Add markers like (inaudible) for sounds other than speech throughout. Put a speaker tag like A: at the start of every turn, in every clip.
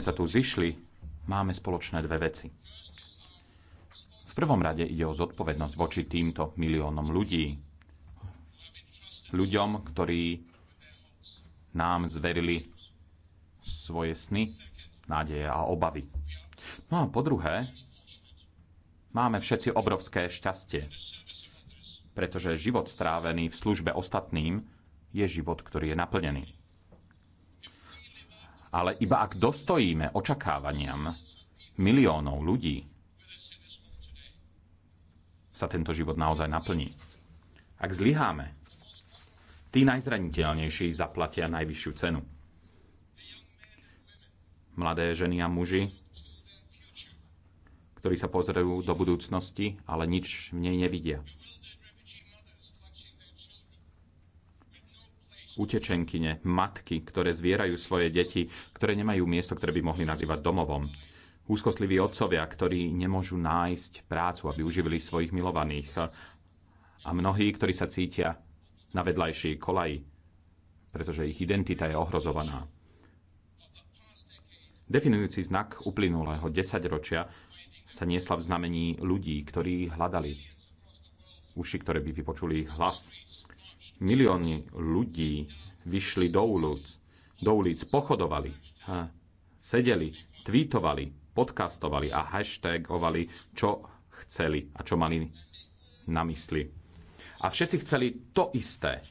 A: sa tu zišli, máme spoločné dve veci. V prvom rade ide o zodpovednosť voči týmto miliónom ľudí. Ľuďom, ktorí nám zverili svoje sny, nádeje a obavy. No a po druhé, máme všetci obrovské šťastie, pretože život strávený v službe ostatným je život, ktorý je naplnený ale iba ak dostojíme očakávaniam miliónov ľudí, sa tento život naozaj naplní. Ak zlyháme, tí najzraniteľnejší zaplatia najvyššiu cenu. Mladé ženy a muži, ktorí sa pozerajú do budúcnosti, ale nič v nej nevidia. utečenkyne, matky, ktoré zvierajú svoje deti, ktoré nemajú miesto, ktoré by mohli nazývať domovom. Úzkostliví otcovia, ktorí nemôžu nájsť prácu, aby uživili svojich milovaných. A mnohí, ktorí sa cítia na vedľajšej kolaji, pretože ich identita je ohrozovaná. Definujúci znak uplynulého desaťročia sa niesla v znamení ľudí, ktorí hľadali uši, ktoré by vypočuli ich hlas Milióny ľudí vyšli do ulic, do ulic pochodovali, sedeli, tweetovali, podcastovali a hashtagovali, čo chceli a čo mali na mysli. A všetci chceli to isté.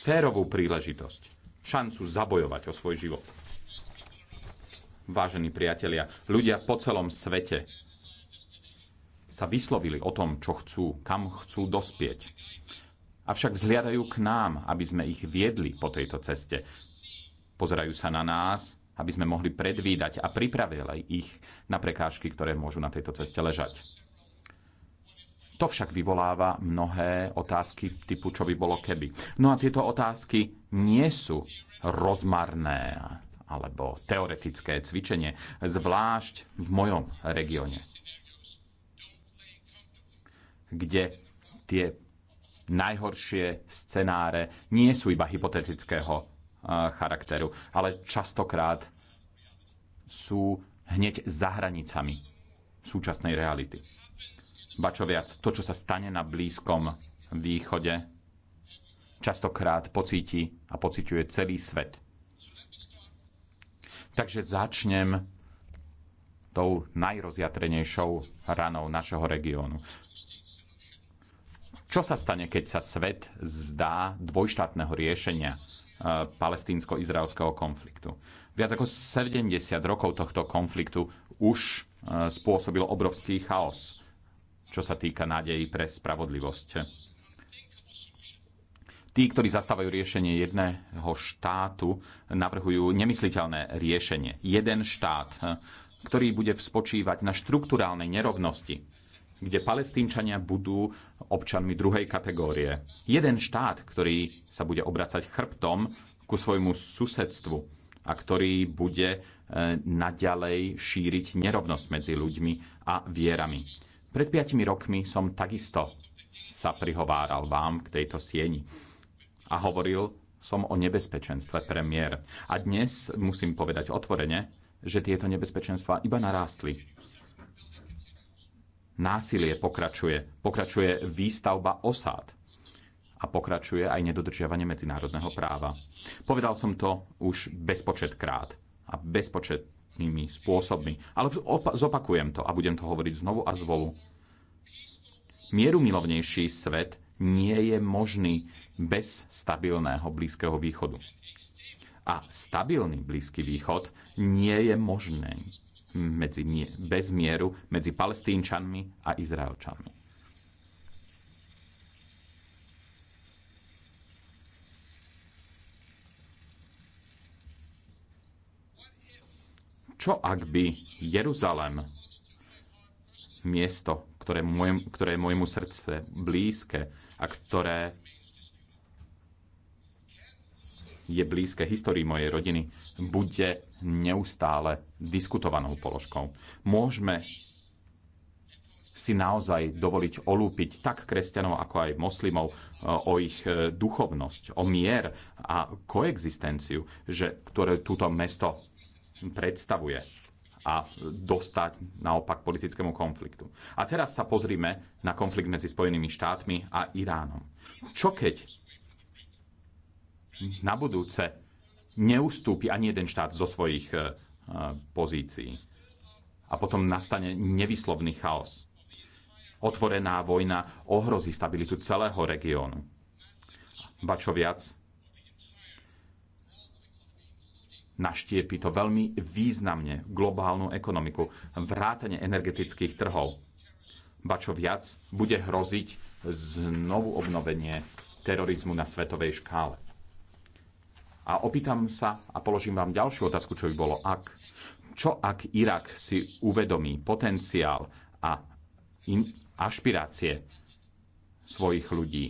A: Férovú príležitosť. Šancu zabojovať o svoj život. Vážení priatelia, ľudia po celom svete sa vyslovili o tom, čo chcú, kam chcú dospieť. Avšak vzhliadajú k nám, aby sme ich viedli po tejto ceste. Pozerajú sa na nás, aby sme mohli predvídať a pripravili ich na prekážky, ktoré môžu na tejto ceste ležať. To však vyvoláva mnohé otázky typu, čo by bolo keby. No a tieto otázky nie sú rozmarné alebo teoretické cvičenie, zvlášť v mojom regióne kde tie najhoršie scenáre nie sú iba hypotetického eh, charakteru, ale častokrát sú hneď za hranicami súčasnej reality. Bačo viac, to, čo sa stane na Blízkom východe, častokrát pocíti a pociťuje celý svet. Takže začnem tou najrozjatrenejšou ranou našeho regiónu. Čo sa stane, keď sa svet vzdá dvojštátneho riešenia e, palestínsko-izraelského konfliktu? Viac ako 70 rokov tohto konfliktu už e, spôsobil obrovský chaos, čo sa týka nádejí pre spravodlivosť. Tí, ktorí zastávajú riešenie jedného štátu, navrhujú nemysliteľné riešenie. Jeden štát, e, ktorý bude spočívať na štruktúrálnej nerovnosti, kde palestínčania budú občanmi druhej kategórie. Jeden štát, ktorý sa bude obracať chrbtom ku svojmu susedstvu a ktorý bude e, naďalej šíriť nerovnosť medzi ľuďmi a vierami. Pred piatimi rokmi som takisto sa prihováral vám k tejto sieni a hovoril som o nebezpečenstve premiér. A dnes musím povedať otvorene, že tieto nebezpečenstva iba narástli. Násilie pokračuje, pokračuje výstavba osád a pokračuje aj nedodržiavanie medzinárodného práva. Povedal som to už bezpočet krát a bezpočetnými spôsobmi, ale zopakujem to a budem to hovoriť znovu a zvolu. Mierumilovnejší svet nie je možný bez stabilného Blízkeho východu. A stabilný Blízky východ nie je možný medzi, bez mieru medzi palestínčanmi a Izraelčanmi. Čo ak by Jeruzalem, miesto, ktoré, môj, ktoré je môjmu srdce blízke a ktoré je blízke histórii mojej rodiny, bude neustále diskutovanou položkou. Môžeme si naozaj dovoliť olúpiť tak kresťanov, ako aj moslimov e, o ich e, duchovnosť, o mier a koexistenciu, že, ktoré túto mesto predstavuje a dostať naopak politickému konfliktu. A teraz sa pozrime na konflikt medzi Spojenými štátmi a Iránom. Čo keď na budúce neustúpi ani jeden štát zo svojich e, e, pozícií. A potom nastane nevyslovný chaos. Otvorená vojna ohrozí stabilitu celého regiónu. Ba čo viac, naštiepi to veľmi významne globálnu ekonomiku, vrátane energetických trhov. Ba čo viac, bude hroziť znovu obnovenie terorizmu na svetovej škále. A opýtam sa a položím vám ďalšiu otázku, čo by bolo ak. Čo ak Irak si uvedomí potenciál a in, ašpirácie svojich ľudí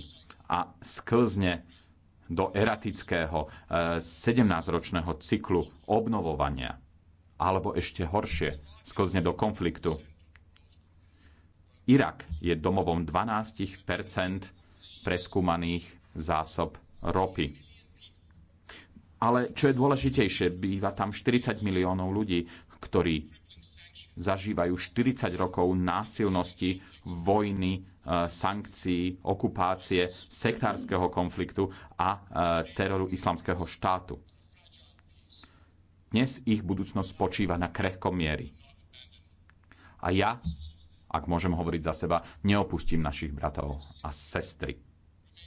A: a sklzne do eratického 17-ročného eh, cyklu obnovovania, alebo ešte horšie, sklzne do konfliktu. Irak je domovom 12 preskúmaných zásob ropy ale čo je dôležitejšie, býva tam 40 miliónov ľudí, ktorí zažívajú 40 rokov násilnosti, vojny, e, sankcií, okupácie, sektárskeho konfliktu a e, teroru islamského štátu. Dnes ich budúcnosť spočíva na krehkom miery. A ja, ak môžem hovoriť za seba, neopustím našich bratov a sestry,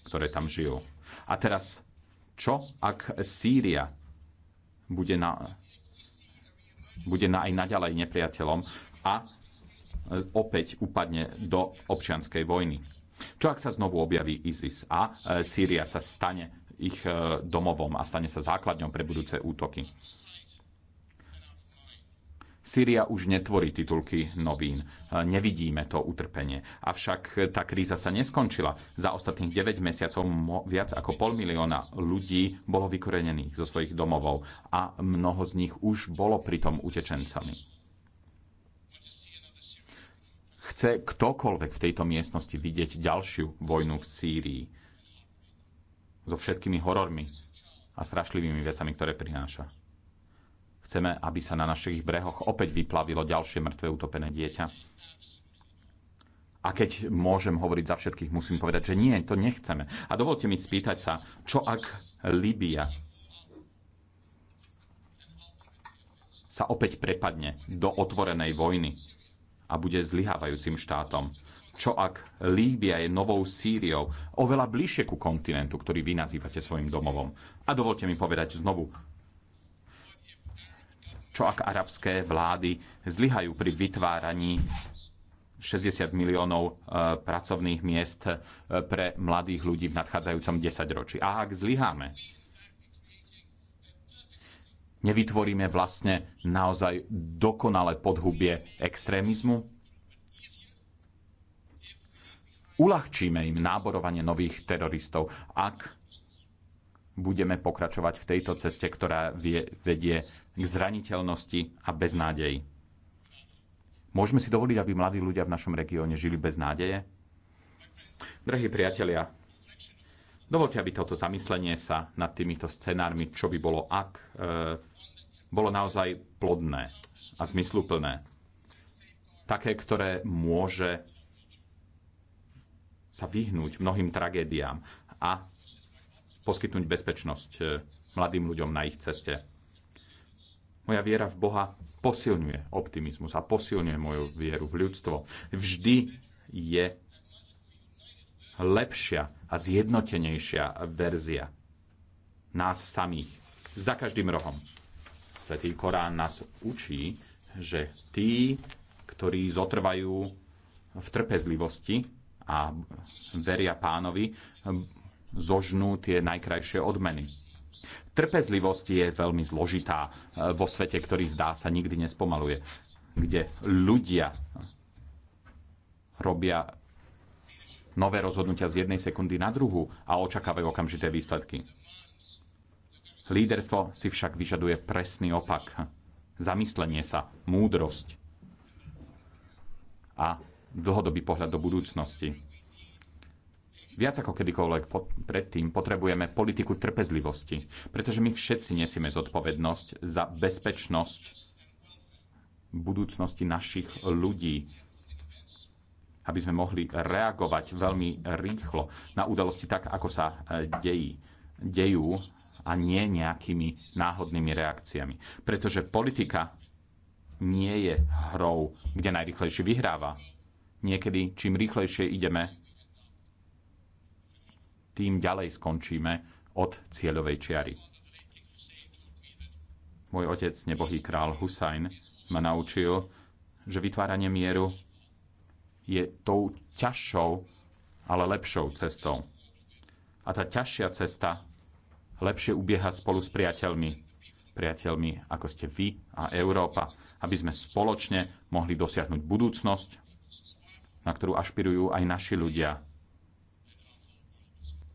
A: ktoré tam žijú. A teraz čo ak Sýria bude, na, bude na aj naďalej nepriateľom a e, opäť upadne do občianskej vojny? Čo ak sa znovu objaví ISIS a e, Sýria sa stane ich e, domovom a stane sa základňom pre budúce útoky? Sýria už netvorí titulky novín. Nevidíme to utrpenie. Avšak tá kríza sa neskončila. Za ostatných 9 mesiacov viac ako pol milióna ľudí bolo vykorenených zo svojich domovov a mnoho z nich už bolo pritom utečencami chce ktokoľvek v tejto miestnosti vidieť ďalšiu vojnu v Sýrii so všetkými horormi a strašlivými vecami, ktoré prináša. Chceme, aby sa na našich brehoch opäť vyplavilo ďalšie mŕtve utopené dieťa. A keď môžem hovoriť za všetkých, musím povedať, že nie, to nechceme. A dovolte mi spýtať sa, čo ak Libia sa opäť prepadne do otvorenej vojny a bude zlyhávajúcim štátom? Čo ak Líbia je novou Sýriou, oveľa bližšie ku kontinentu, ktorý vy nazývate svojim domovom? A dovolte mi povedať znovu, čo ak arabské vlády zlyhajú pri vytváraní 60 miliónov e, pracovných miest e, pre mladých ľudí v nadchádzajúcom desaťročí. A ak zlyháme, nevytvoríme vlastne naozaj dokonalé podhubie extrémizmu? Uľahčíme im náborovanie nových teroristov, ak budeme pokračovať v tejto ceste, ktorá vie, vedie k zraniteľnosti a beznádeji. Môžeme si dovoliť, aby mladí ľudia v našom regióne žili bez nádeje? Drahí priatelia, dovolte, aby toto zamyslenie sa nad týmito scenármi, čo by bolo ak, e, bolo naozaj plodné a zmysluplné. Také, ktoré môže sa vyhnúť mnohým tragédiám a poskytnúť bezpečnosť e, mladým ľuďom na ich ceste. Moja viera v Boha posilňuje optimizmus a posilňuje moju vieru v ľudstvo. Vždy je lepšia a zjednotenejšia verzia nás samých. Za každým rohom. Svetý Korán nás učí, že tí, ktorí zotrvajú v trpezlivosti a veria pánovi, zožnú tie najkrajšie odmeny. Trpezlivosť je veľmi zložitá e, vo svete, ktorý zdá sa nikdy nespomaluje, kde ľudia robia nové rozhodnutia z jednej sekundy na druhú a očakávajú okamžité výsledky. Líderstvo si však vyžaduje presný opak. Zamyslenie sa, múdrosť a dlhodobý pohľad do budúcnosti viac ako kedykoľvek predtým potrebujeme politiku trpezlivosti, pretože my všetci nesieme zodpovednosť za bezpečnosť budúcnosti našich ľudí, aby sme mohli reagovať veľmi rýchlo na udalosti tak, ako sa e, dejí, dejú a nie nejakými náhodnými reakciami. Pretože politika nie je hrou, kde najrychlejšie vyhráva. Niekedy, čím rýchlejšie ideme, tým ďalej skončíme od cieľovej čiary. Môj otec, nebohý král Husajn, ma naučil, že vytváranie mieru je tou ťažšou, ale lepšou cestou. A tá ťažšia cesta lepšie ubieha spolu s priateľmi. Priateľmi, ako ste vy a Európa, aby sme spoločne mohli dosiahnuť budúcnosť, na ktorú ašpirujú aj naši ľudia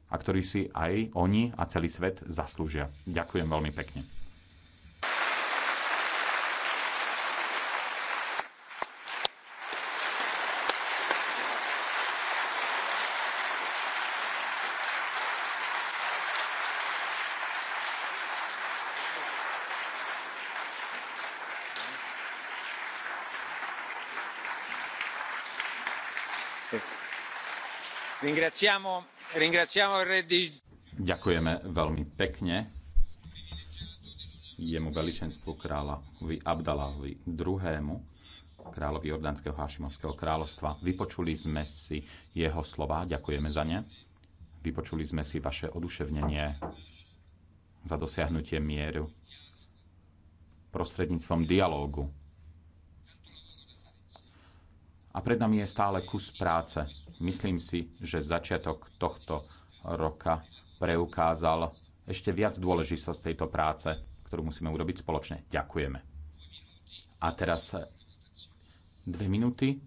A: a ktorý si aj oni a celý svet zaslúžia. Ďakujem veľmi pekne. ringraziamo Ďakujeme veľmi pekne jemu veličenstvu kráľovi Abdalávi II kráľovi Jordánskeho Hášimovského kráľovstva. Vypočuli sme si jeho slova, ďakujeme za ne. Vypočuli sme si vaše oduševnenie za dosiahnutie mieru prostredníctvom dialógu a pred nami je stále kus práce. Myslím si, že začiatok tohto roka preukázal ešte viac dôležitosť tejto práce, ktorú musíme urobiť spoločne. Ďakujeme. A teraz dve minúty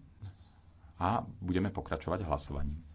A: a budeme pokračovať hlasovaním.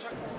A: však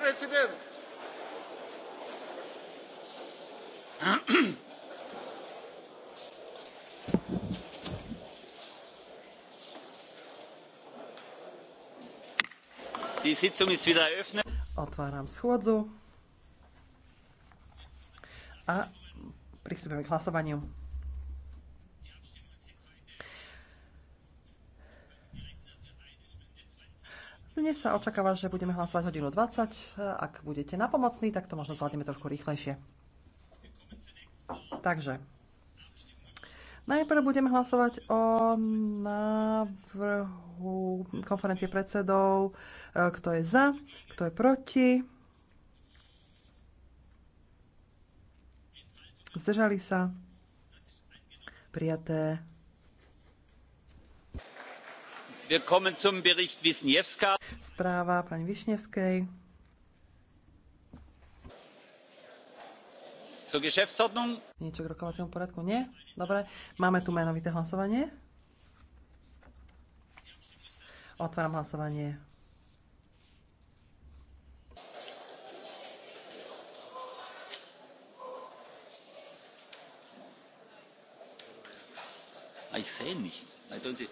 B: president. Otváram schôdzu a pristúpime k hlasovaniu. Dnes sa očakáva, že budeme hlasovať hodinu 20. Ak budete napomocní, tak to možno zvládneme trošku rýchlejšie. Takže, Najprv budeme hlasovať o návrhu konferencie predsedov, e, kto je za, kto je proti. Zdržali sa. Prijaté. Správa pani Višnevskej. Niečo k rokovaciemu poriadku? Nie? Dobre. Máme tu menovité hlasovanie. Otváram hlasovanie.
A: Ah, ich sehe nichts. don't see.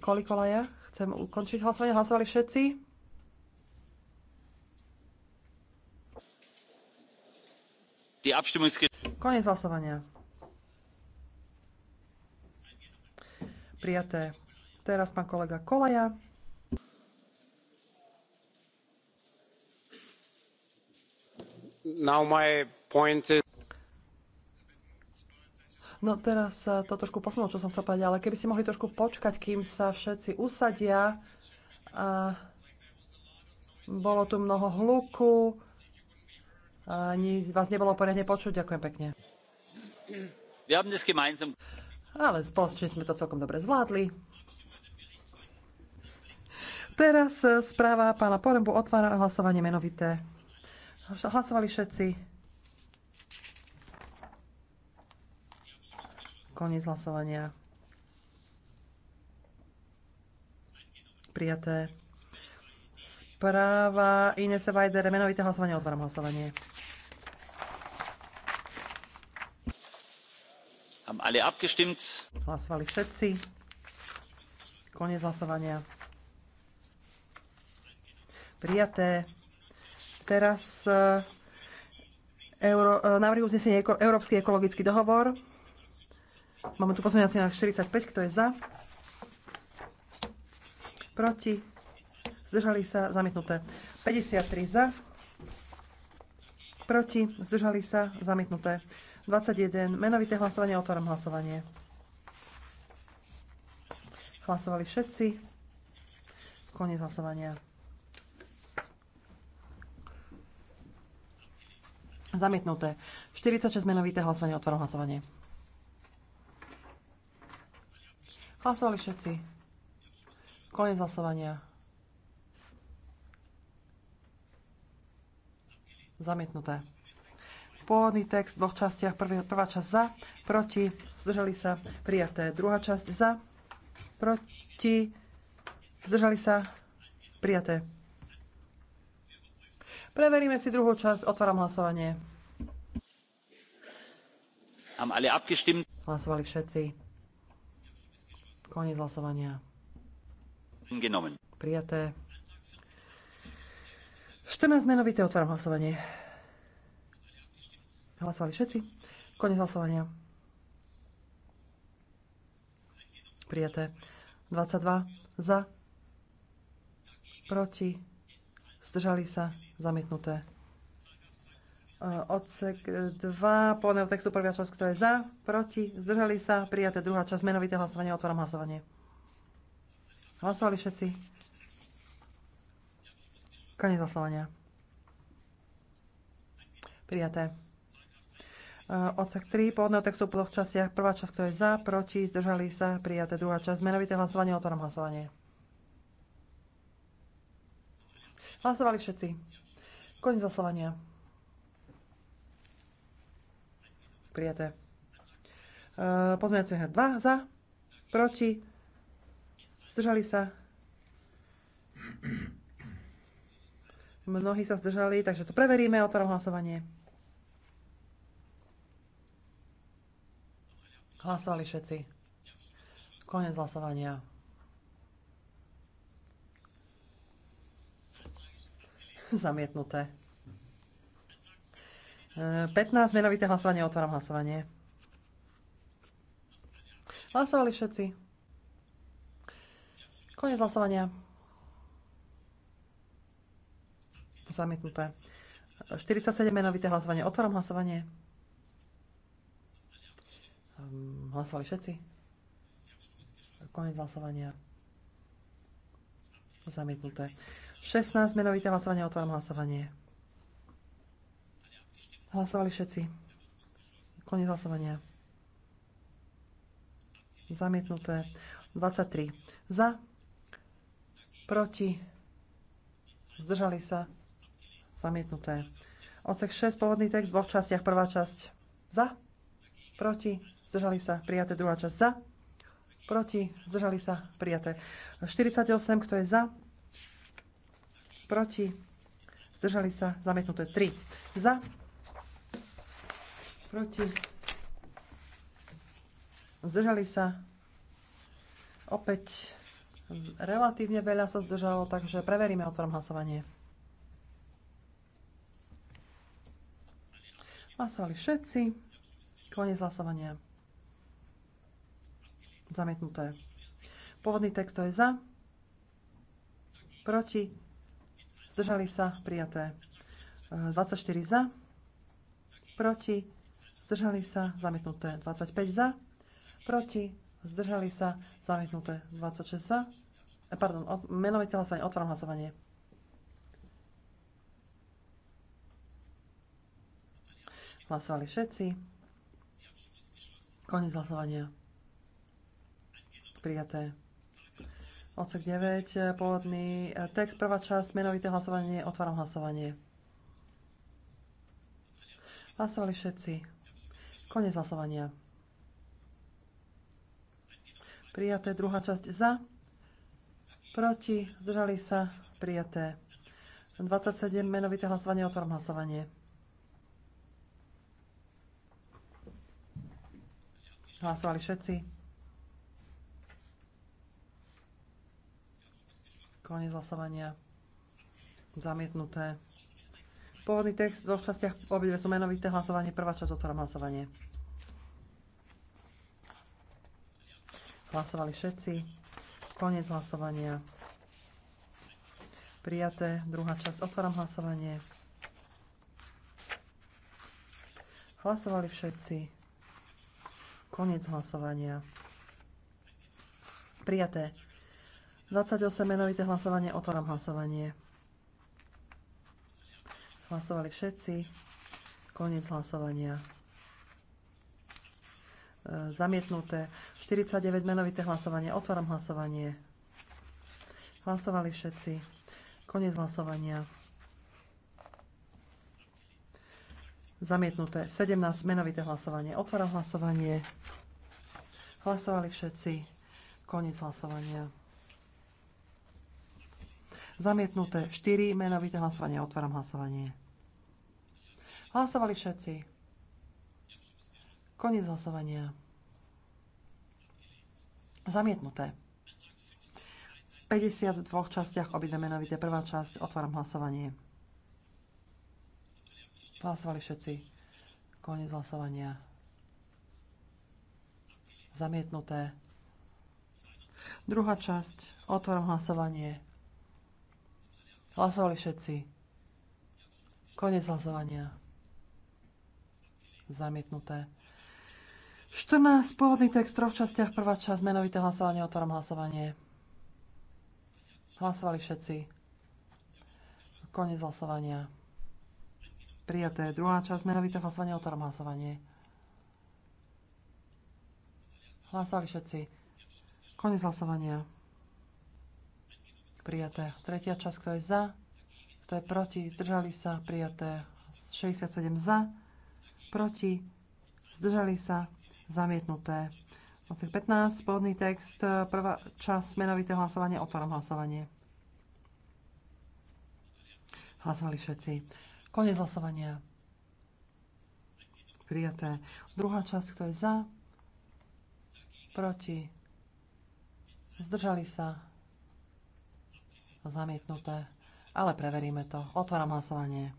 B: Kolikolaja, chcem ukončiť hlasovanie. Hlasovali všetci? Konec hlasovania. Prijaté. Teraz pán kolega Kolaja.
A: Now my point is...
B: No teraz e, to trošku posunulo, čo som chcel povedať, ale keby ste mohli trošku počkať, kým sa všetci usadia. A e, bolo tu mnoho hluku, ani e, vás nebolo poriadne počuť. Ďakujem pekne. Ale spoločne sme to celkom dobre zvládli. Teraz správa pána Porembu otvára hlasovanie menovité. Hlasovali všetci. Koniec hlasovania. Prijaté. Správa Inese Vajdere, menovité hlasovanie, otváram hlasovanie.
A: Haben alle abgestimmt?
B: Hlasovali všetci. Koniec hlasovania. Prijaté. Teraz eh, Euro, eh, návrh uznesenie Európsky ekologický dohovor. Máme tu pozmeňovací návrh 45, kto je za? Proti? Zdržali sa? Zamietnuté. 53 za? Proti? Zdržali sa? Zamietnuté. 21. Menovité hlasovanie. Otváram hlasovanie. Hlasovali všetci. Koniec hlasovania. Zamietnuté. 46 menovité hlasovanie. Otváram hlasovanie. Hlasovali všetci. Konec hlasovania. Zamietnuté. Pôvodný text v dvoch častiach. prvá časť za, proti, zdržali sa, prijaté. Druhá časť za, proti, zdržali sa, prijaté. Preveríme si druhú časť. Otváram hlasovanie.
A: Hlasovali
B: všetci. Koniec hlasovania. Genomen. Prijaté. 14 menovité otváram hlasovanie. Hlasovali všetci. Koniec hlasovania. Prijaté. 22 za. Proti. Zdržali sa. Zamietnuté. Eh, odsek 2, eh, plného textu prvá časť, kto je za, proti, zdržali sa, prijaté druhá časť, menovité hlasovanie, otváram hlasovanie. Hlasovali všetci? Konec hlasovania. Prijaté. Eh, odsek 3, pôvodného textu po dvoch častiach, prvá časť, kto je za, proti, zdržali sa, prijaté druhá časť, menovité hlasovanie, otváram hlasovanie. Hlasovali všetci. Koniec hlasovania. prijaté. E, Pozmeňujúci návrh 2 za, proti, zdržali sa. Mnohí sa zdržali, takže to preveríme, otváram hlasovanie. Hlasovali všetci. Konec hlasovania. Zamietnuté. 15, menovité hlasovanie, otváram hlasovanie. Hlasovali všetci. Koniec hlasovania. Zamietnuté. 47 menovité hlasovanie. Otváram hlasovanie. Ehm, hlasovali všetci. Koniec hlasovania. Zamietnuté. 16 menovité hlasovanie. Otváram hlasovanie. Hlasovali všetci. Koniec hlasovania. Zamietnuté. 23. Za. Proti. Zdržali sa. Zamietnuté. Odsek 6, pôvodný text v dvoch častiach. Prvá časť za, proti, zdržali sa, prijaté. Druhá časť za, proti, zdržali sa, prijaté. 48, kto je za, proti, zdržali sa, zamietnuté. 3. Za, Proti. Zdržali sa. Opäť relatívne veľa sa zdržalo, takže preveríme, otvorom hlasovanie. Hlasovali všetci. Koniec hlasovania. Zamietnuté. Pôvodný text to je za. Proti. Zdržali sa. Prijaté. 24 e, za. Proti zdržali sa, zamietnuté 25 za, proti, zdržali sa, zamietnuté 26 za. Eh, pardon, menovité hlasovanie, otváram hlasovanie. Hlasovali všetci. Koniec hlasovania. Prijaté. Odsek 9, eh, pôvodný eh, text, prvá časť, menovité hlasovanie, otváram hlasovanie. Hlasovali všetci. Konec hlasovania. Prijaté druhá časť za. Proti. Zdržali sa. Prijaté. 27. Menovité hlasovanie. otvorím hlasovanie. Hlasovali všetci. Konec hlasovania. Zamietnuté. Pôvodný text v dvoch častiach obidve sú menovité hlasovanie. Prvá časť otváram hlasovanie. Hlasovali všetci. Koniec hlasovania. Prijaté. Druhá časť. Otváram hlasovanie. Hlasovali všetci. Koniec hlasovania. Prijaté. 28 menovité hlasovanie. Otváram hlasovanie. Hlasovali všetci. Koniec hlasovania. E, zamietnuté. 49 menovité hlasovanie. Otváram hlasovanie. Hlasovali všetci. Koniec hlasovania. Zamietnuté. 17 menovité hlasovanie. Otváram hlasovanie. Hlasovali všetci. Koniec hlasovania. Zamietnuté 4. Menovité hlasovanie. Otváram hlasovanie. Hlasovali všetci. Koniec hlasovania. Zamietnuté. 50 dvoch častiach obidve menovité. Prvá časť. Otváram hlasovanie. Hlasovali všetci. Koniec hlasovania. Zamietnuté. Druhá časť. Otváram hlasovanie. Hlasovali všetci. Konec hlasovania. Zamietnuté. 14. Pôvodný text v troch častiach. Prvá časť. Menovité hlasovanie. Otváram hlasovanie. Hlasovali všetci. Konec hlasovania. Prijaté. Druhá časť. Menovité hlasovanie. Otváram hlasovanie. Hlasovali všetci. Konec hlasovania prijaté. Tretia časť, kto je za, kto je proti, zdržali sa, prijaté. 67 za, proti, zdržali sa, zamietnuté. Odsek 15, spodný text, prvá časť, menovité hlasovanie, otváram hlasovanie. Hlasovali všetci. Konec hlasovania. Prijaté. Druhá časť, kto je za, proti, zdržali sa, Zamietnuté. Ale preveríme to. Otváram hlasovanie.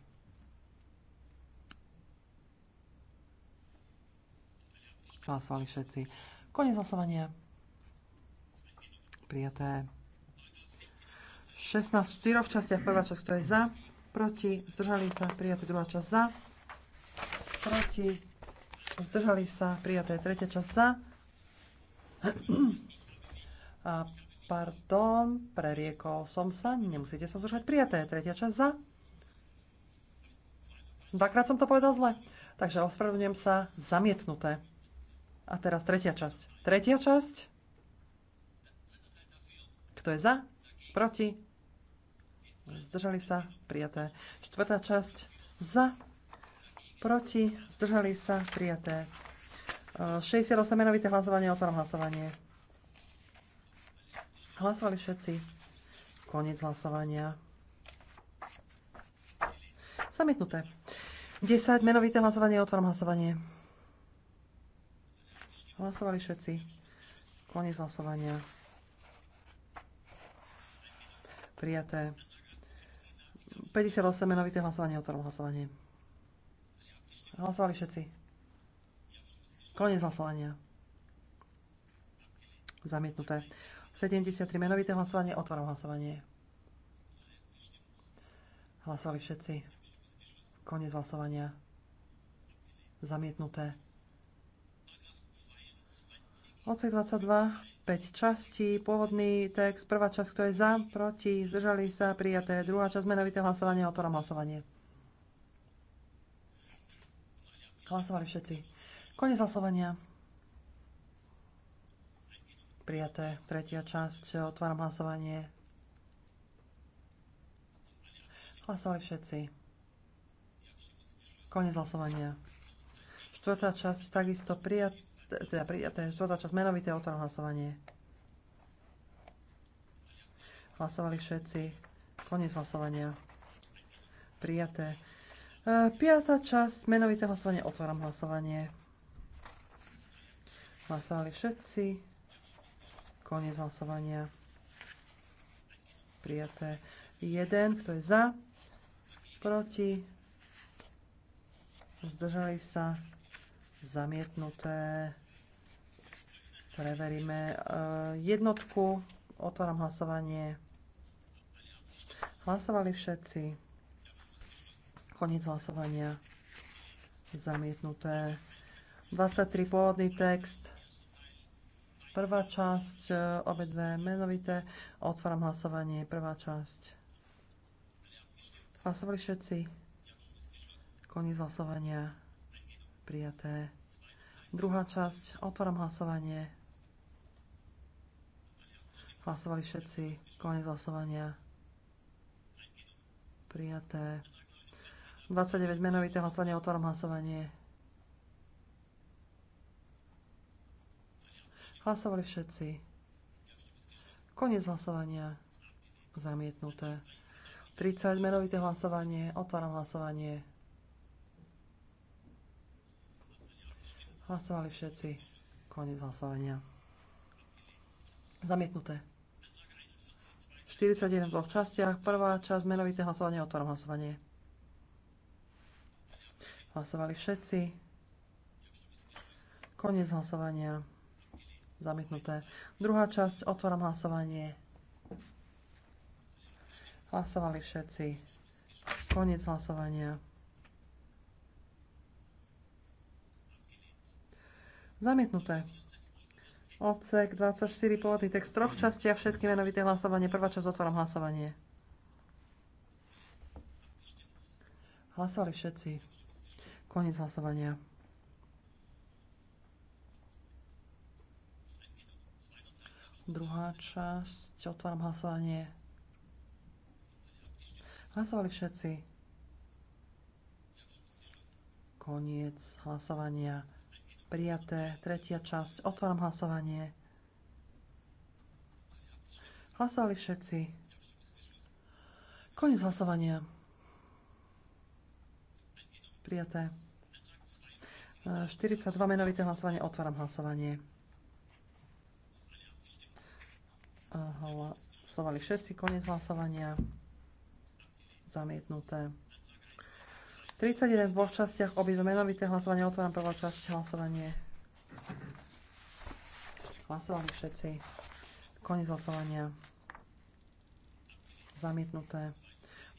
B: Hlasovali všetci. Koniec hlasovania. Prijaté. 16 v časti, častiach. Prvá časť, kto je za, proti, zdržali sa, prijaté. Druhá časť za, proti, zdržali sa, prijaté. Tretia časť za. (clears throat) A Pardon, preriekol som sa, nemusíte sa zrušať prijaté. Tretia časť za. Dvakrát som to povedal zle. Takže ospravedlňujem sa, zamietnuté. A teraz tretia časť. Tretia časť. Kto je za? Proti? Zdržali sa, prijaté. Štvrtá časť. Za? Proti? Zdržali sa, prijaté. 68 menovité hlasovanie, otváram hlasovanie. Hlasovali všetci. Koniec hlasovania. Zamietnuté. 10. Menovité hlasovanie. Otváram hlasovanie. Hlasovali všetci. Koniec hlasovania. Prijaté. 58. Menovité hlasovanie. Otváram hlasovanie. Hlasovali všetci. Koniec hlasovania. Zamietnuté. 73 menovité hlasovanie. Otváram hlasovanie. Hlasovali všetci. Koniec hlasovania. Zamietnuté. Odsek 22, 5 častí, pôvodný text, prvá časť, kto je za, proti, zdržali sa, prijaté, druhá časť, menovité hlasovanie, otváram hlasovanie. Hlasovali všetci. Konec hlasovania prijaté. Tretia časť, otváram hlasovanie. Hlasovali všetci. Konec hlasovania. Štvrtá časť, takisto prijaté, teda prijaté, štvrtá časť, menovité, otváram hlasovanie. Hlasovali všetci. Konec hlasovania. Prijaté. E, piatá časť, menovité hlasovanie, otváram hlasovanie. Hlasovali všetci. Koniec hlasovania. Prijaté. 1. Kto je za? Proti? Zdržali sa? Zamietnuté. Preveríme eh, jednotku. Otváram hlasovanie. Hlasovali všetci. Koniec hlasovania. Zamietnuté. 23 pôvodný text Prvá časť, e, obe dve menovité. Otváram hlasovanie. Prvá časť. Hlasovali všetci. Koniec hlasovania. Prijaté. Druhá časť. Otváram hlasovanie. Hlasovali všetci. Koniec hlasovania. Prijaté. 29 menovité hlasovanie. Otváram hlasovanie. Hlasovali všetci. Koniec hlasovania. Zamietnuté. 30 menovité hlasovanie. Otváram hlasovanie. Hlasovali všetci. Koniec hlasovania. Zamietnuté. 41 v dvoch častiach. Prvá časť menovité hlasovanie. Otváram hlasovanie. Hlasovali všetci. Koniec hlasovania. Zamietnuté. Druhá časť. Otváram hlasovanie. Hlasovali všetci. Koniec hlasovania. Zamietnuté. Odsek 24, pôvodný text troch časti a všetky menovité hlasovanie. Prvá časť, otváram hlasovanie. Hlasovali všetci. Koniec hlasovania. Druhá časť. Otváram hlasovanie. Hlasovali všetci. Koniec hlasovania. Prijaté. Tretia časť. Otváram hlasovanie. Hlasovali všetci. Koniec hlasovania. Prijaté. 42 e, menovité hlasovanie. Otváram hlasovanie. Hlasovali všetci, koniec hlasovania. Zamietnuté. 31 v dvoch častiach, obidve menovité hlasovanie. Otváram prvá časť hlasovanie. Hlasovali všetci. Koniec hlasovania. Zamietnuté.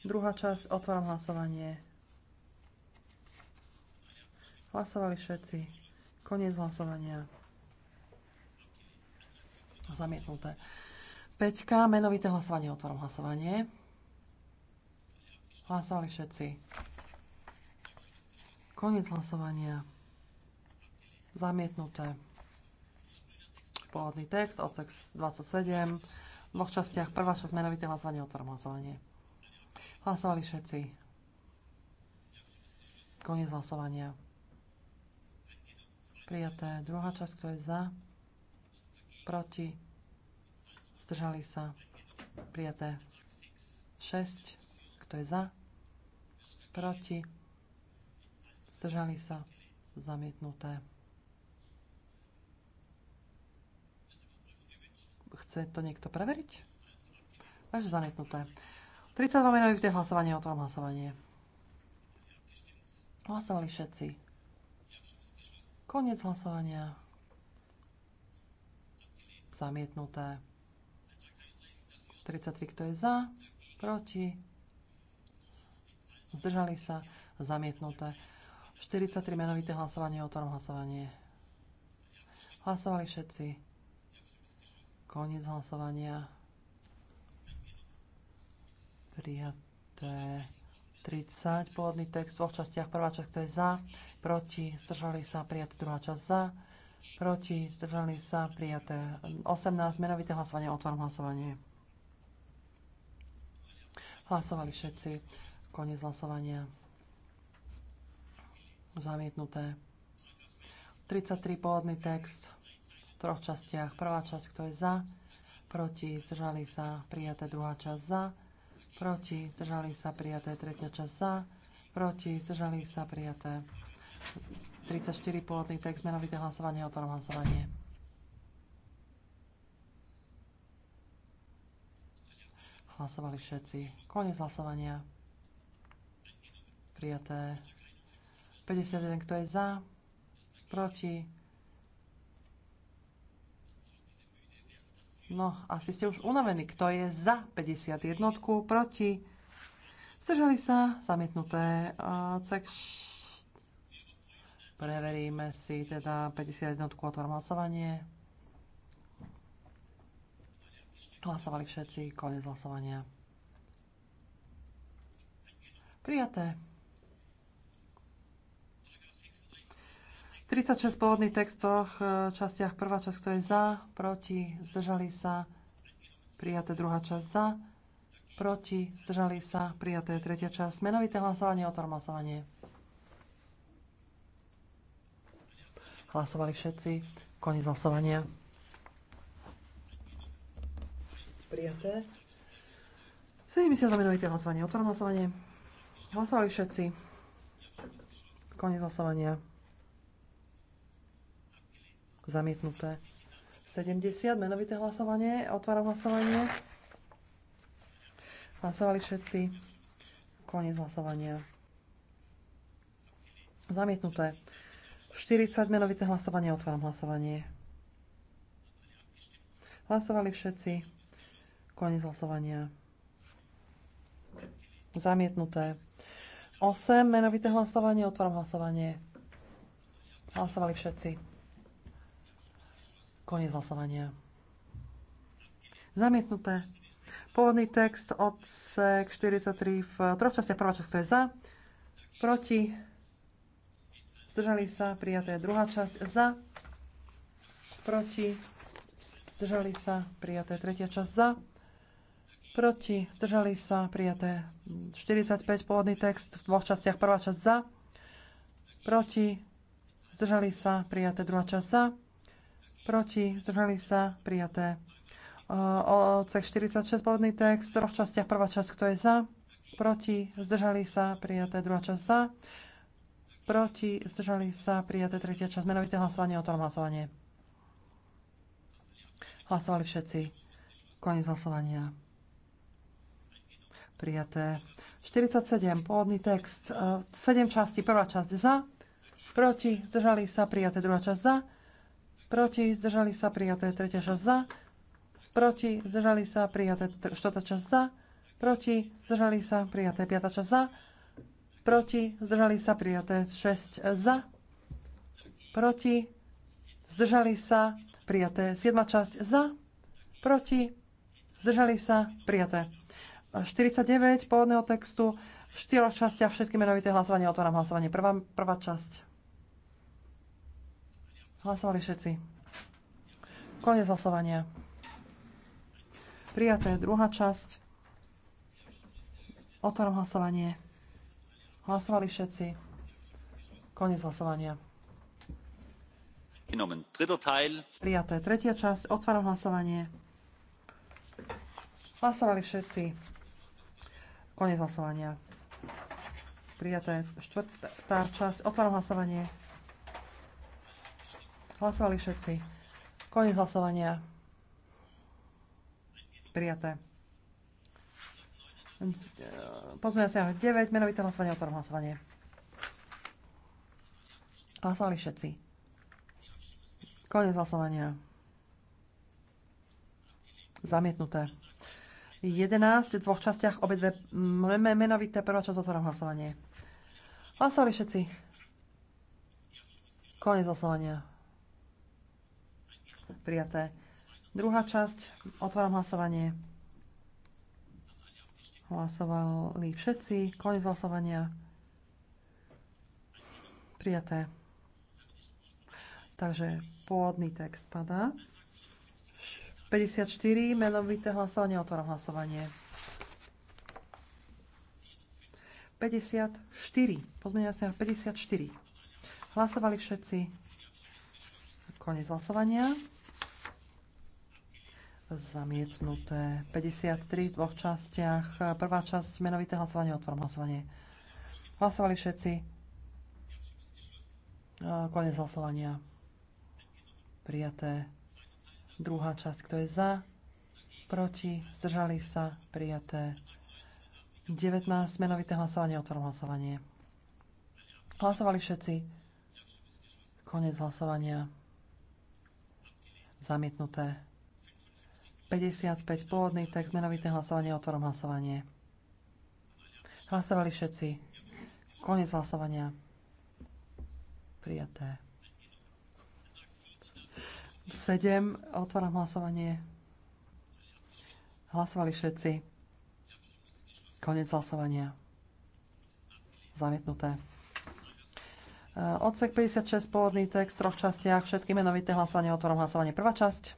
B: Druhá časť, otváram hlasovanie. Hlasovali všetci. Koniec hlasovania. Zamietnuté. Peťka, menovité hlasovanie, otvorom hlasovanie. Hlasovali všetci. Koniec hlasovania. Zamietnuté. Pôvodný text, odsek 27. V dvoch častiach, prvá časť menovité hlasovanie, otvorom hlasovanie. Hlasovali všetci. Koniec hlasovania. Prijaté. Druhá časť, kto je za? Proti? Zdržali sa. Prijaté. 6. Kto je za? Proti. Zdržali sa. Zamietnuté. Chce to niekto preveriť? Takže zamietnuté. 32 menovité hlasovanie, otvorím hlasovanie. Hlasovali všetci. Koniec hlasovania. Zamietnuté. 33, kto je za, proti, zdržali sa, zamietnuté. 43 menovité hlasovanie, otvorom hlasovanie. Hlasovali všetci. Koniec hlasovania. Prijaté. 30, pôvodný text v dvoch častiach. Prvá časť, kto je za, proti, zdržali sa, prijaté. Druhá časť za, proti, zdržali sa, prijaté. 18, menovité hlasovanie, otvorom hlasovanie. Hlasovali všetci. Konec hlasovania. Zamietnuté. 33 pôvodný text v troch častiach. Prvá časť, kto je za, proti, zdržali sa, prijaté druhá časť za, proti, zdržali sa, prijaté tretia časť za, proti, zdržali sa, prijaté 34 pôvodný text, menovité hlasovanie, otvorom hlasovanie. Hlasovali všetci. Konec hlasovania. Prijaté. 51, kto je za? Proti? No, asi ste už unavení. Kto je za 51? Proti? Zdržali sa? Zamietnuté. Cek... Preveríme si teda 51. Otvorím hlasovanie. Hlasovali všetci, koniec hlasovania. Prijaté. 36 pôvodných text e, častiach. Prvá časť, kto je za, proti, zdržali sa. Prijaté druhá časť za, proti, zdržali sa. Prijaté tretia časť. Menovité hlasovanie, otvorom hlasovanie. Hlasovali všetci. Koniec hlasovania. Prijaté. 70 menovité hlasovanie. Otváram hlasovanie. Hlasovali všetci. Koniec hlasovania. Zamietnuté. 70 menovité hlasovanie. Otváram hlasovanie. Hlasovali všetci. Koniec hlasovania. Zamietnuté. 40 menovité hlasovanie. Otváram hlasovanie. Hlasovali všetci. Konec hlasovania. Zamietnuté. 8. Menovité hlasovanie. Otváram hlasovanie. Hlasovali všetci. Konec hlasovania. Zamietnuté. Pôvodný text odsek 43 v troch častiach. Prvá časť, kto je za, proti, zdržali sa, prijaté. Druhá časť, za, proti, zdržali sa, prijaté. Tretia časť, za, proti, zdržali sa, prijaté 45, pôvodný text v dvoch častiach, prvá časť za, proti, zdržali sa, prijaté druhá časť za, proti, zdržali sa, prijaté odsek 46, pôvodný text v troch častiach, prvá časť, kto je za, proti, zdržali sa, prijaté druhá časť za, proti, zdržali sa, prijaté tretia časť, menovité hlasovanie, o tom hlasovanie. Hlasovali všetci. Koniec hlasovania. Prijaté. 47. Pôvodný text. 7 e, časti. Prvá časť za. Proti. Zdržali sa. Prijaté. Druhá časť za. Proti. Zdržali sa. Prijaté. Tretia časť za. Proti. Zdržali sa. Prijaté. Štvrtá časť za. Proti. Zdržali sa. Prijaté. Piatá časť za. Proti. Zdržali sa. Prijaté. šesť e, za. Proti. Zdržali sa. Prijaté. siedma časť za. Proti. Zdržali sa. Prijaté. 49 pôvodného textu v štyroch častiach všetky menovité hlasovanie. Otváram hlasovanie. Prvá, prvá časť. Hlasovali všetci. Konec hlasovania. Prijaté druhá časť. Otváram hlasovanie. Hlasovali všetci. Konec hlasovania. Prijaté tretia časť. Otváram hlasovanie. Hlasovali všetci. Konec hlasovania. Prijaté štvrtá časť. Otváram hlasovanie. Hlasovali všetci. Konec hlasovania. Prijaté. Pozmeňa sa 9, menovité hlasovanie, otvorom hlasovanie. Hlasovali všetci. Konec hlasovania. Zamietnuté. 11 v dvoch častiach, obidve menovité. Prvá časť otváram hlasovanie. Hlasovali všetci. Konec hlasovania. Prijaté. Druhá časť. Otváram hlasovanie. Hlasovali všetci. Konec hlasovania. Prijaté. Takže pôvodný text padá. 54, menovité hlasovanie, otváram hlasovanie. 54, pozmeňovací na 54. Hlasovali všetci. Konec hlasovania. Zamietnuté 53 v dvoch častiach. Prvá časť, menovité hlasovanie, otváram hlasovanie. Hlasovali všetci. Konec hlasovania. Prijaté Druhá časť, kto je za, proti, zdržali sa, prijaté. 19, menovité hlasovanie, otvorom hlasovanie. Hlasovali všetci. Konec hlasovania. Zamietnuté. 55, pôvodný text, menovité hlasovanie, otvorom hlasovanie. Hlasovali všetci. Konec hlasovania. Prijaté. 7. Otváram hlasovanie. Hlasovali všetci. Konec hlasovania. Zamietnuté. E, odsek 56, pôvodný text v troch častiach, všetky menovité hlasovanie, otvorom hlasovanie. Prvá časť.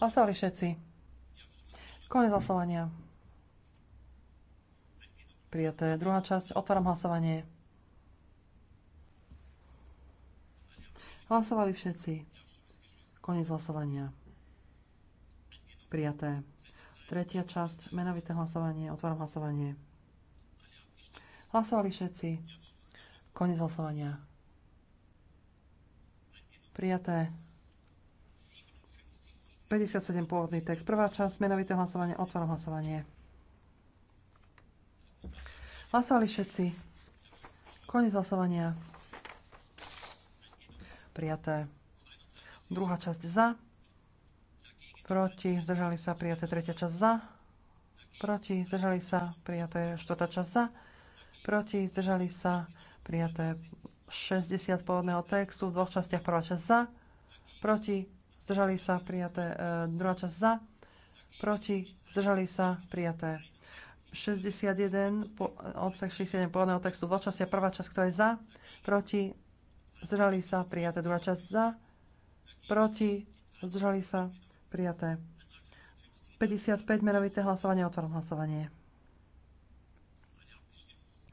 B: Hlasovali všetci. Konec hlasovania. Prijaté. Druhá časť. Otváram hlasovanie. Hlasovali všetci. Koniec hlasovania. Prijaté. Tretia časť, menovité hlasovanie, otváram hlasovanie. Hlasovali všetci. Koniec hlasovania. Prijaté. 57 pôvodný text. Prvá časť, menovité hlasovanie, otváram hlasovanie. Hlasovali všetci. Koniec hlasovania. Prijaté. Druhá časť za. Proti. Zdržali sa prijaté. Tretia časť za. Proti. Zdržali sa prijaté. Štvrtá časť za. Proti. Zdržali sa prijaté. 60 pôvodného textu v dvoch častiach. Prvá časť za. Proti. Zdržali sa prijaté. E, druhá časť za. Proti. Zdržali sa prijaté. 61, po, obsah 67 pôvodného textu, dvoch častia, prvá časť, kto je za, proti, zdržali sa, prijaté, druhá časť za, proti, zdržali sa, prijaté. 55 menovité hlasovanie, otvorom hlasovanie.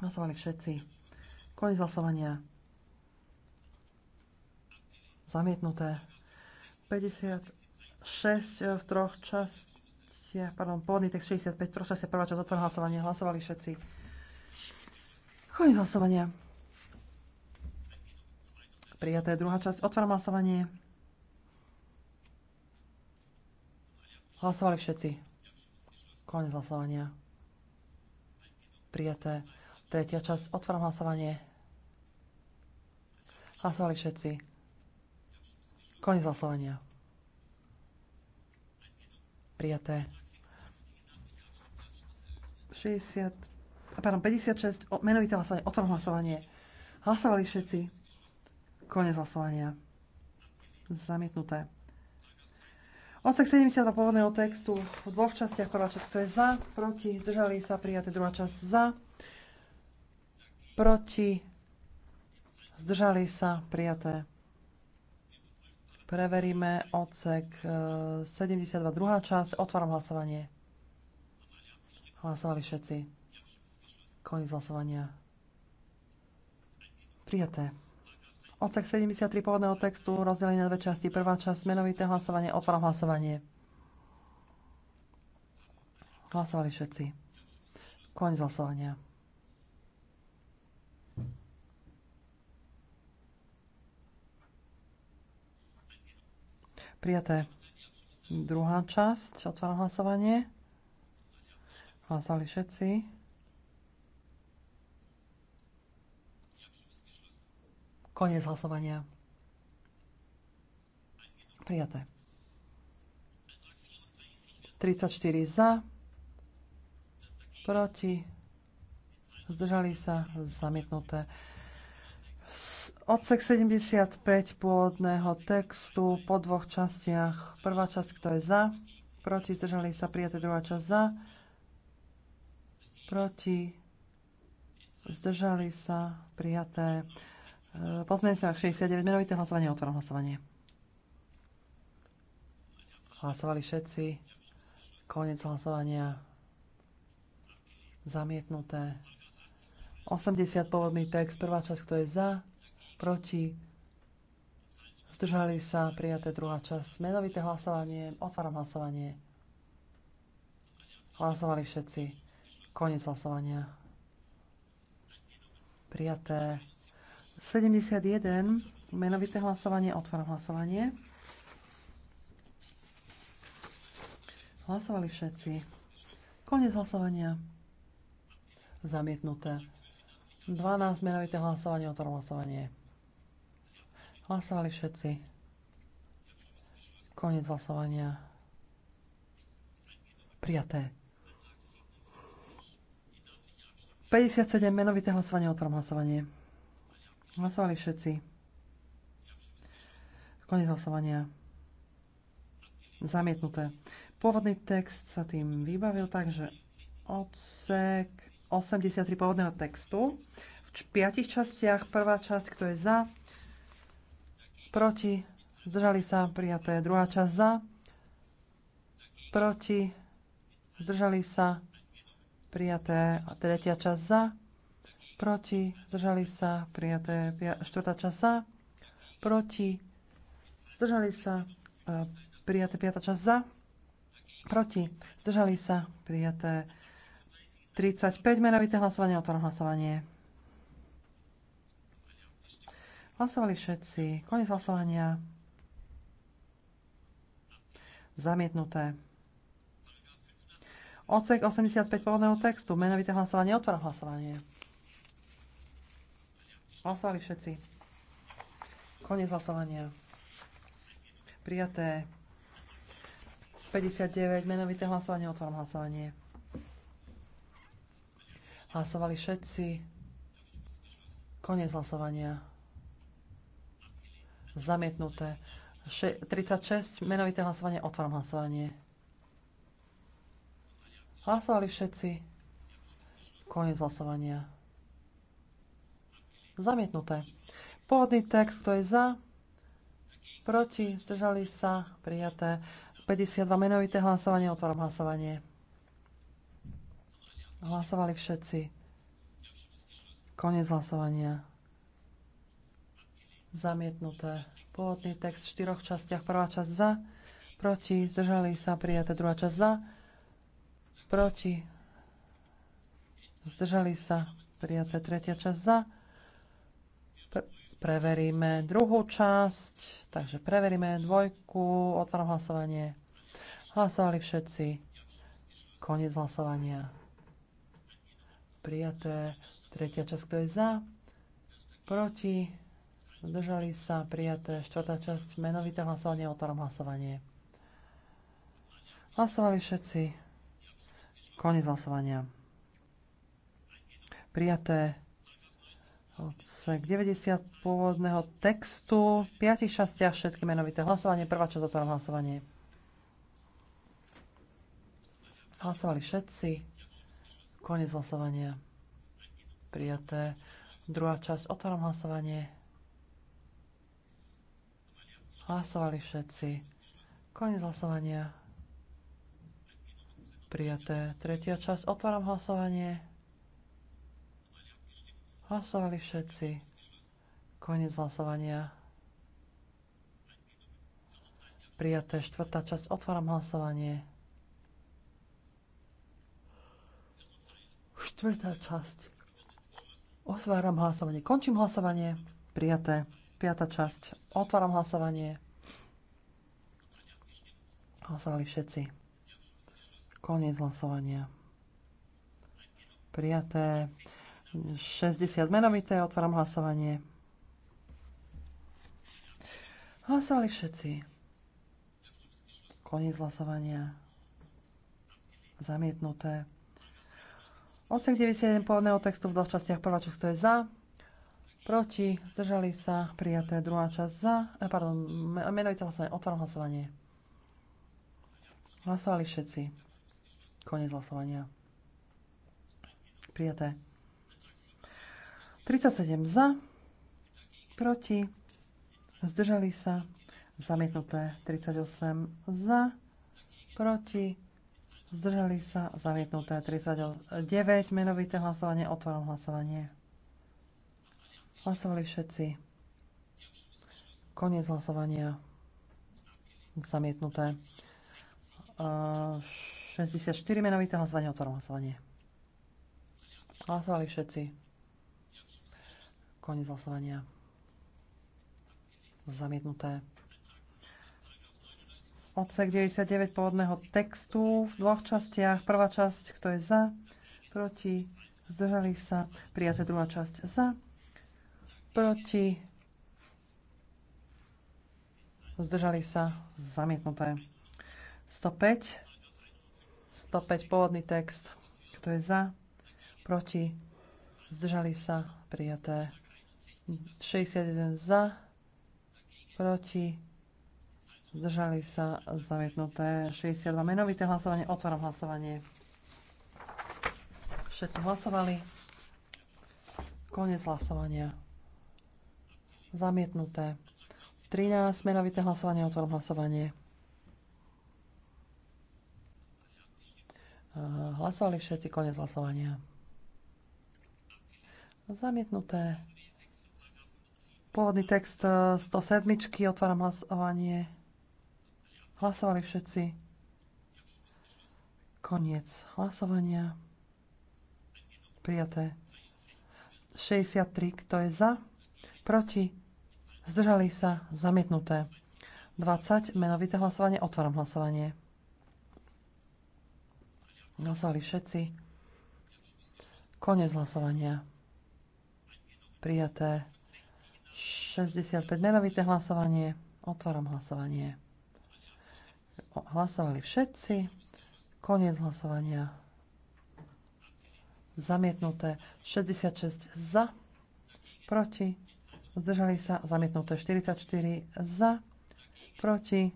B: Hlasovali všetci. Koniec hlasovania. Zamietnuté. 56 v troch častiach, pardon, pôvodný text 65 v troch častiach, prvá časť, otvorom hlasovanie. Hlasovali všetci. Koniec hlasovania. Prijaté druhá časť, otvorom hlasovanie. Hlasovali všetci. Konec hlasovania. Prijaté. Tretia časť. Otváram hlasovanie. Hlasovali všetci. Konec hlasovania. Prijaté. 60, pardon, 56, menovité hlasovanie, otvorom hlasovanie. Hlasovali všetci. Konec hlasovania. Zamietnuté. Odsek 72 pôvodného textu v dvoch častiach. Prvá časť, kto je za, proti, zdržali sa, prijaté. Druhá časť za, proti, zdržali sa, prijaté. Preveríme odsek 72, e, druhá časť. Otváram hlasovanie. Hlasovali všetci. Koniec hlasovania. Prijaté. Odsek 73 pôvodného textu rozdelenie na dve časti. Prvá časť menovité hlasovanie. Otváram hlasovanie. Hlasovali všetci. Koniec hlasovania. Prijaté. Druhá časť. Otváram hlasovanie. Hlasovali všetci. Koniec hlasovania. Prijaté. 34 za, proti, zdržali sa, zamietnuté. Odsek 75 pôvodného textu po dvoch častiach. Prvá časť, kto je za, proti, zdržali sa, prijaté druhá časť za, proti, zdržali sa, prijaté. Pozmeň sa 69 menovité hlasovanie, otvorom hlasovanie. Hlasovali všetci. Koniec hlasovania. Zamietnuté. 80 pôvodný text, prvá časť, kto je za, proti, zdržali sa, prijaté druhá časť. Menovité hlasovanie, otváram hlasovanie. Hlasovali všetci. Koniec hlasovania. Prijaté. 71, menovité hlasovanie, otvor hlasovanie. Hlasovali všetci. Konec hlasovania. Zamietnuté. 12, menovité hlasovanie, otvor hlasovanie. Hlasovali všetci. Konec hlasovania. Prijaté. 57, menovité hlasovanie, otvor hlasovanie. Hlasovali všetci. Konec hlasovania. Zamietnuté. Pôvodný text sa tým vybavil, takže odsek 83 pôvodného textu v piatich častiach. Prvá časť, kto je za, proti, zdržali sa, prijaté. Druhá časť za, proti, zdržali sa, prijaté. A tretia časť za, proti, zdržali sa, prijaté štvrtá časť za, proti, zdržali sa, e, prijaté piatá časť za, proti, zdržali sa, prijaté 35 menovité hlasovanie, otvorom hlasovanie. Hlasovali všetci. Koniec hlasovania. Zamietnuté. Odsek 85 pôvodného textu. Menovité hlasovanie. Otváram hlasovanie. Hlasovali všetci. Koniec hlasovania. Prijaté. 59. Menovité hlasovanie. Otváram hlasovanie. Hlasovali všetci. Koniec hlasovania. Zamietnuté. 36. Menovité hlasovanie. Otváram hlasovanie. Hlasovali všetci. Koniec hlasovania. Zamietnuté. Pôvodný text, kto je za? Proti? Zdržali sa? Prijaté. 52 menovité hlasovanie. Otváram hlasovanie. Hlasovali všetci. Konec hlasovania. Zamietnuté. Pôvodný text v štyroch častiach. Prvá časť za, proti, zdržali sa, prijaté. Druhá časť za, proti, zdržali sa, prijaté. Tretia časť za, Preveríme druhú časť, takže preveríme dvojku, otváram hlasovanie. Hlasovali všetci. Koniec hlasovania. Prijaté. Tretia časť, kto je za? Proti? Zdržali sa. Prijaté. Štvrtá časť, menovité hlasovanie, otváram hlasovanie. Hlasovali všetci. Koniec hlasovania. Prijaté odsek 90 pôvodného textu, 5 častiach všetky menovité hlasovanie. Prvá časť otváram hlasovanie. Hlasovali všetci. Koniec hlasovania. Prijaté. Druhá časť otváram hlasovanie. Hlasovali všetci. Koniec hlasovania. Prijaté. Tretia časť otváram hlasovanie. Hlasovali všetci. Koniec hlasovania. Prijaté štvrtá časť. Otváram hlasovanie. Štvrtá časť. Otváram hlasovanie. Končím hlasovanie. Prijaté. Piatá časť. Otváram hlasovanie. Hlasovali všetci. Koniec hlasovania. Prijaté. 60 menovité, otváram hlasovanie. Hlasovali všetci. Koniec hlasovania. Zamietnuté. Odsek 91 pôvodného textu v dvoch častiach. Prvá časť, to je za, proti, zdržali sa, prijaté. Druhá časť za, eh, pardon, menovité hlasovanie, otváram hlasovanie. Hlasovali všetci. Koniec hlasovania. Prijaté. 37 za, proti, zdržali sa, zamietnuté 38 za, proti, zdržali sa, zamietnuté 39, menovité hlasovanie, otvorom hlasovanie. Hlasovali všetci. Koniec hlasovania. Zamietnuté. 64 menovité hlasovanie, otvorom hlasovanie. Hlasovali všetci. Konec hlasovania. Zamietnuté. Odsek 99 pôvodného textu v dvoch častiach. Prvá časť, kto je za, proti, zdržali sa. Prijaté druhá časť za, proti, zdržali sa. Zamietnuté. 105. 105 pôvodný text. Kto je za? Proti? Zdržali sa? Prijaté. 61 za, proti, zdržali sa zamietnuté 62. Menovité hlasovanie, otváram hlasovanie. Všetci hlasovali. Konec hlasovania. Zamietnuté. 13. Menovité hlasovanie, otváram hlasovanie. Hlasovali všetci, konec hlasovania. Zamietnuté. Pôvodný text 107. E, otváram hlasovanie. Hlasovali všetci. Koniec hlasovania. Prijaté. 63. Kto je za? Proti? Zdržali sa? Zamietnuté. 20. Menovité hlasovanie. Otváram hlasovanie. Hlasovali všetci. Koniec hlasovania. Prijaté. 65 menovité hlasovanie. Otváram hlasovanie. Hlasovali všetci. Koniec hlasovania. Zamietnuté 66 za, proti, zdržali sa, zamietnuté 44 za, proti,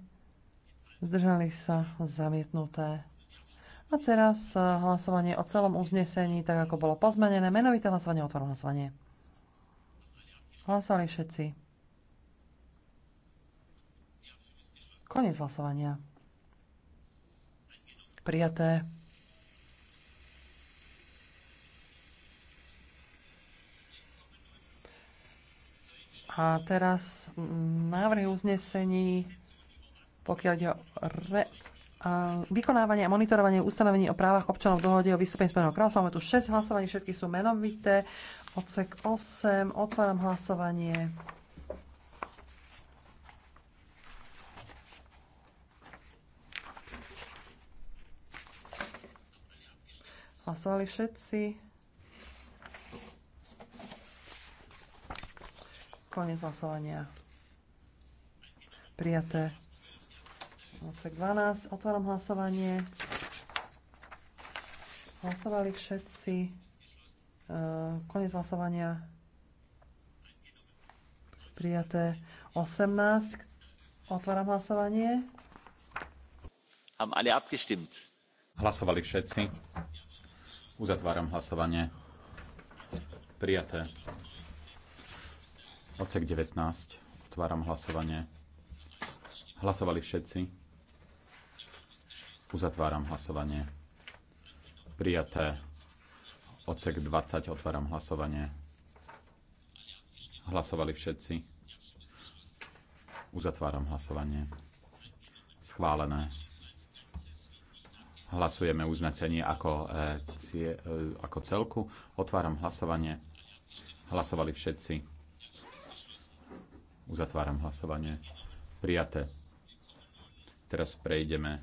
B: zdržali sa, zamietnuté. A teraz eh, hlasovanie o celom uznesení, tak ako bolo pozmenené. Menovité hlasovanie, otvorom hlasovanie. Hlasovali všetci. Konec hlasovania. Prijaté. A teraz návrhy uznesení, pokiaľ ide o re, a vykonávanie a monitorovanie ustanovení o právach občanov v dohode o vystúpení Spojeného kráľovstva. Máme tu 6 hlasovaní, všetky sú menovité. Odsek 8. Otváram hlasovanie. Hlasovali všetci. Konec hlasovania. Prijaté. Odsek 12. Otváram hlasovanie. Hlasovali všetci. Eh, Konec hlasovania. Prijaté 18. Otváram hlasovanie.
A: Haben alle abgestimmt. Hlasovali všetci. Uzatváram hlasovanie. Prijaté. Odsek 19. Otváram hlasovanie. Hlasovali všetci. Uzatváram hlasovanie. Prijaté. Odsek 20, otváram hlasovanie. Hlasovali všetci. Uzatváram hlasovanie. Schválené. Hlasujeme uznesenie ako, e, cie, e, ako celku. Otváram hlasovanie. Hlasovali všetci. Uzatváram hlasovanie. Prijaté. Teraz prejdeme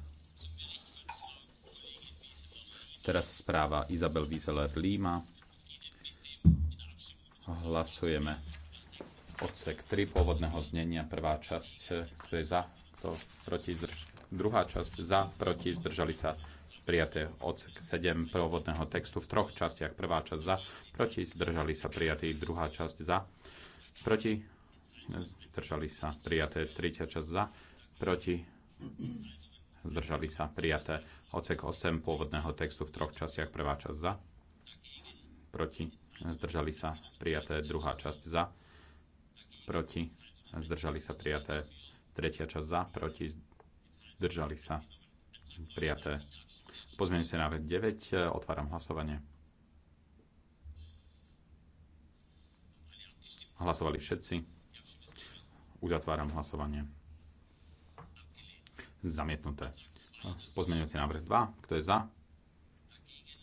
A: Teraz správa Izabel Wieseler Líma. Hlasujeme odsek 3 pôvodného znenia, prvá časť, e, kto je za, kto proti, zdrž... druhá časť za, proti, zdržali sa prijaté odsek 7 pôvodného textu v troch častiach. Prvá časť za, proti, zdržali sa prijatí, druhá časť za, proti, zdržali sa prijaté, tretia časť za, proti, zdržali sa prijaté. Ocek 8 pôvodného textu v troch častiach. Prvá časť za, proti, zdržali sa prijaté. Druhá časť za, proti, zdržali sa prijaté. Tretia časť za, proti, zdržali sa prijaté. sa na 9. Otváram hlasovanie. Hlasovali všetci. Uzatváram hlasovanie zamietnuté. Pozmeňujúci návrh 2, kto je za,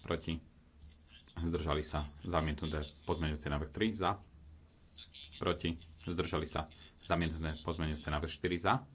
A: proti, zdržali sa, zamietnuté. Pozmeňujúci návrh 3, za, proti, zdržali sa, zamietnuté. Pozmeňujúci návrh 4, za,